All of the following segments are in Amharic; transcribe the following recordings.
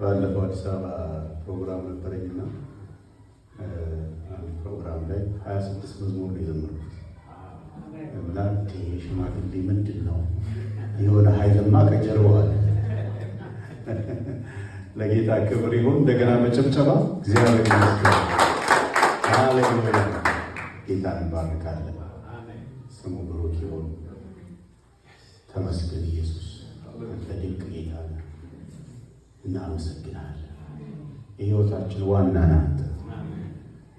ባለፈው አዲስ አበባ ፕሮግራም ነበረኝና አንድ ፕሮግራም ላይ ሀያ ስድስት መዝሙር ነው የዘመርኩት እና ሽማግሌ ምንድን ነው የሆነ ሀይልማ ከጀርባ ለጌታ ክብር ይሁን። እንደገና መጨብጨባ እግዚአብሔር ይመስገን። ጌታን እንባርካለን። ስሙ ብሩክ ይሁን። ተመስገን ኢየሱስ፣ ለድንቅ ጌታ ነው እናመሰግናለን። የህይወታችን ዋና ናንተ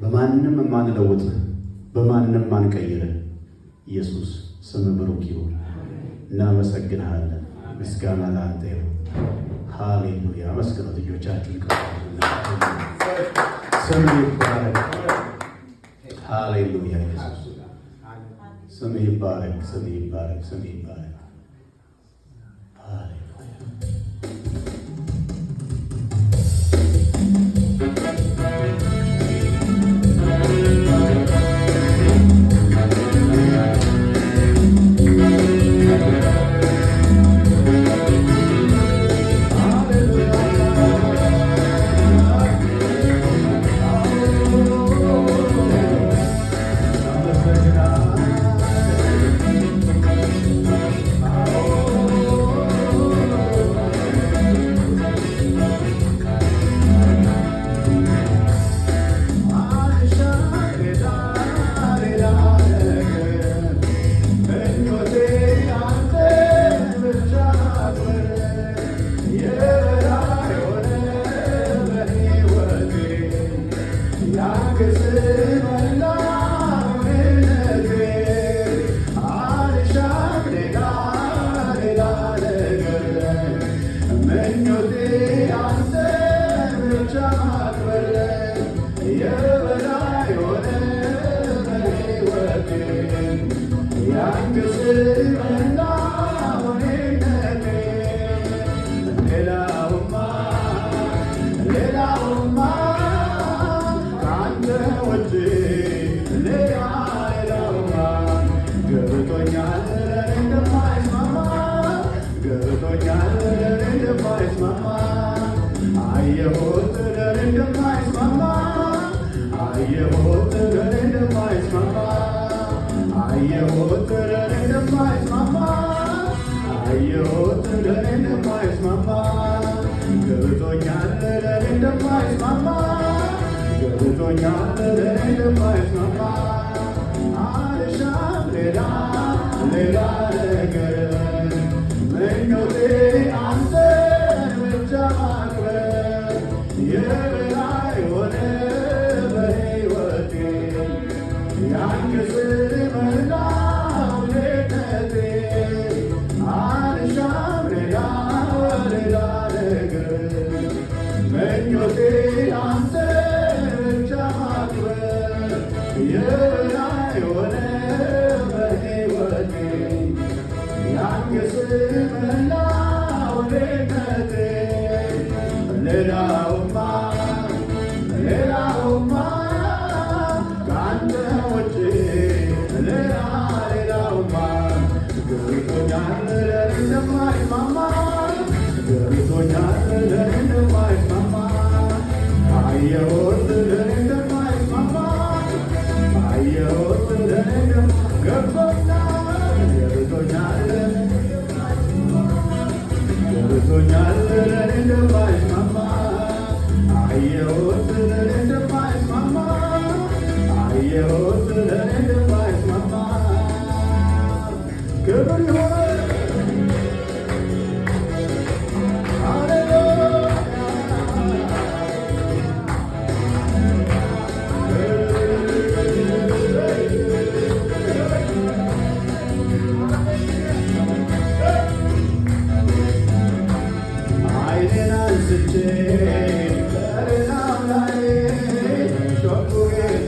በማንም የማንለውጥ በማንም ማንቀይር ኢየሱስ ስም ብሩክ ይሁን። እናመሰግናለን። ምስጋና ለአንተ ይሁን። ሃሌሉያ። አመስግነው ልጆቻችሁ ስም ይባረክ። ሃሌሉያ። ስም ይባረክ። ስም ይባረክ። ስም ይባረክ። ሌላውማ ከአንተ ውጭ ሌላ አይለውማ። ገብቶኛል እንደማይስማማ ገብቶኛል እንደማይስማማ አየሁት እንደማይስማማ አየሁት እንደማይስማማ አየሁት እንደማይስማማ አየሁት እንደማይስማማ ሰጥቶኛል ለማይስማማ መላው ልመቴ ሌላውማ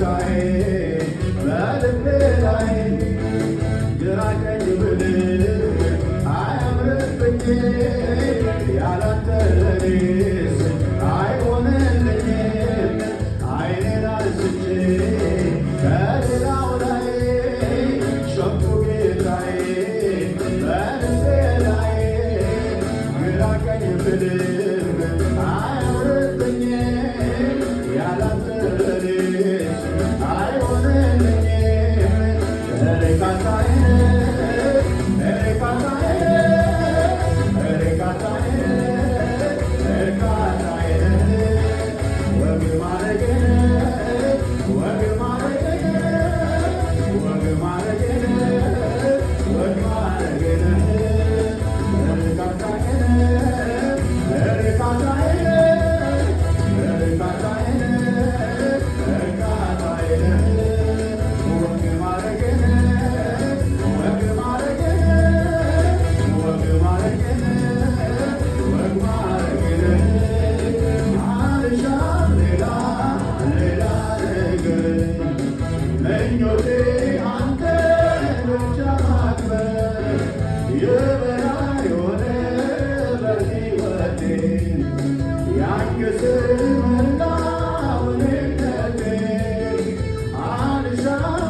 ሚካኤል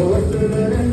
forward to the next.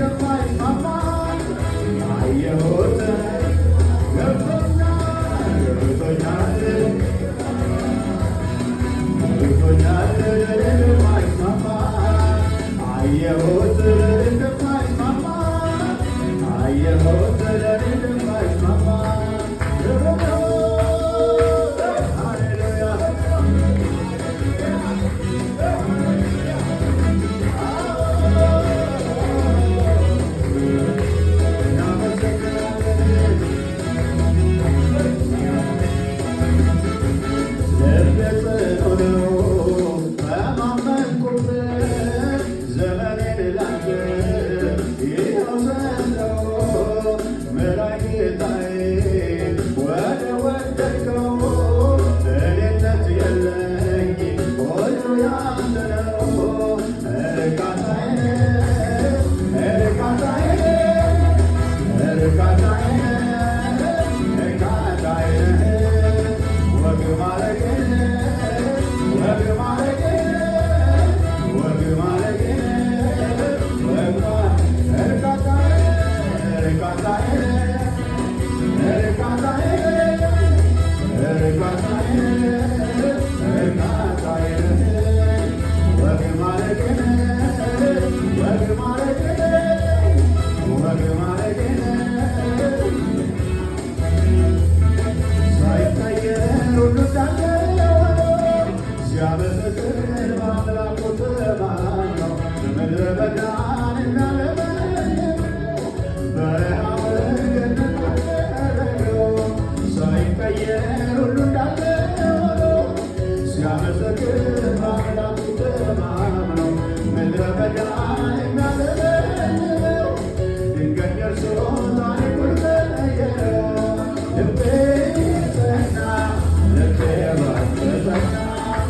I'm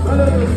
Hello.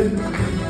Amen.